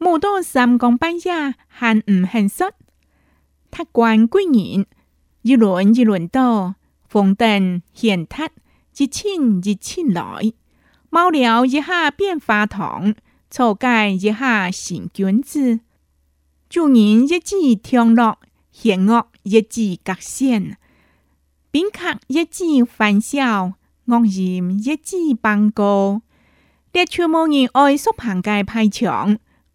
舞到三光半夜，還毋肯煞？達官貴人，一輪一輪到，紅頂顯達，一陣一陣來，茅寮一下變華堂，草介一下成君子，主人越致暢樂，弦樂越致合線，賓客越致歡笑，樂音越致綁高，這齣冇人愛煞棚個排場。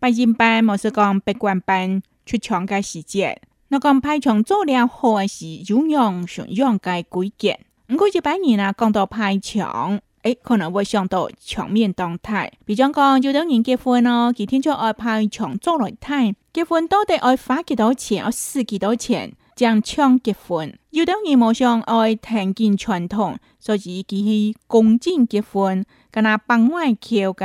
八年班毋是講八關班，出場嘅時節，我講排場做了好事，就讓宣揚嘅規矩。唔過一百年啊，講到排場，可能會想到場面動態。比講講有等人結婚哦，幾天就愛排場做來睇。結婚到底愛花幾多錢，要使幾多錢，將牆結婚。有等人無想愛聽見傳統，所以就是公證結婚，跟他幫外求個。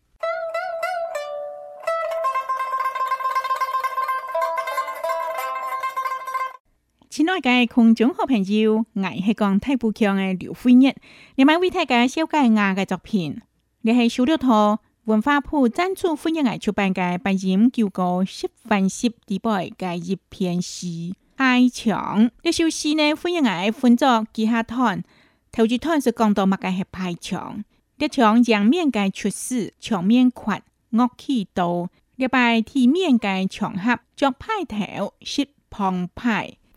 親愛嘅觀眾和朋友，我係講泰布強嘅劉惠月，你咪會睇家，小佳雅的作品。你係收咗托文化部贊助，歡迎我出版嘅《八音九歌十番集第八嘅葉片詩》。排場呢首詩呢，歡迎我分作幾下攤，頭幾段是講到麼個係排場，這場贏面嘅齣事，場面闊，樂器多，這擺體面嘅場合，著派頭，食澎湃。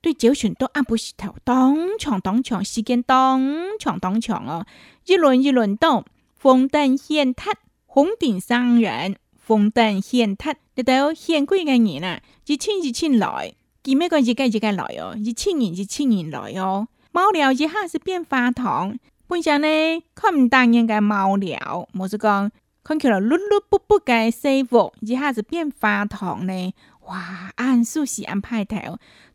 對酒船都按毋住頭，當場當場時間當場當場哦，一輪一輪到紅頂顯達，紅頂生人，紅頂顯達。你睇現貴嘅人啊，一陣一陣來，幾咩關係？而家而家來哦，一千人一千人來哦，茅寮一下子變華堂，半生呢看唔當人嘅茅寮，冇事講，看起來綠綠卜卜嘅西服，一下子變華堂呢，哇，按數是安排頭。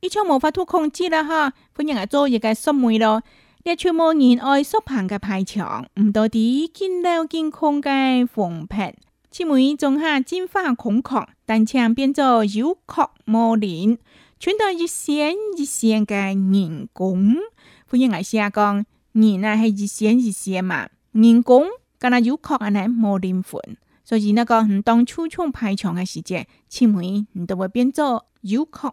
以前無法度控制了哈，佢讓阿做一個縮梅咯。這齣無人愛煞棚個排場，毋多知緊摟緊空個魂魄，盡尾總下進化空殼，單淨變做有殼無靈，伸著一仙一仙個人工。佢讓阿寫講，人啊係一仙一仙嘛，人工加上有殼啊，呢無靈魂，所以那個唔當粗重排場嘅時節，盡尾唔都會變做有殼。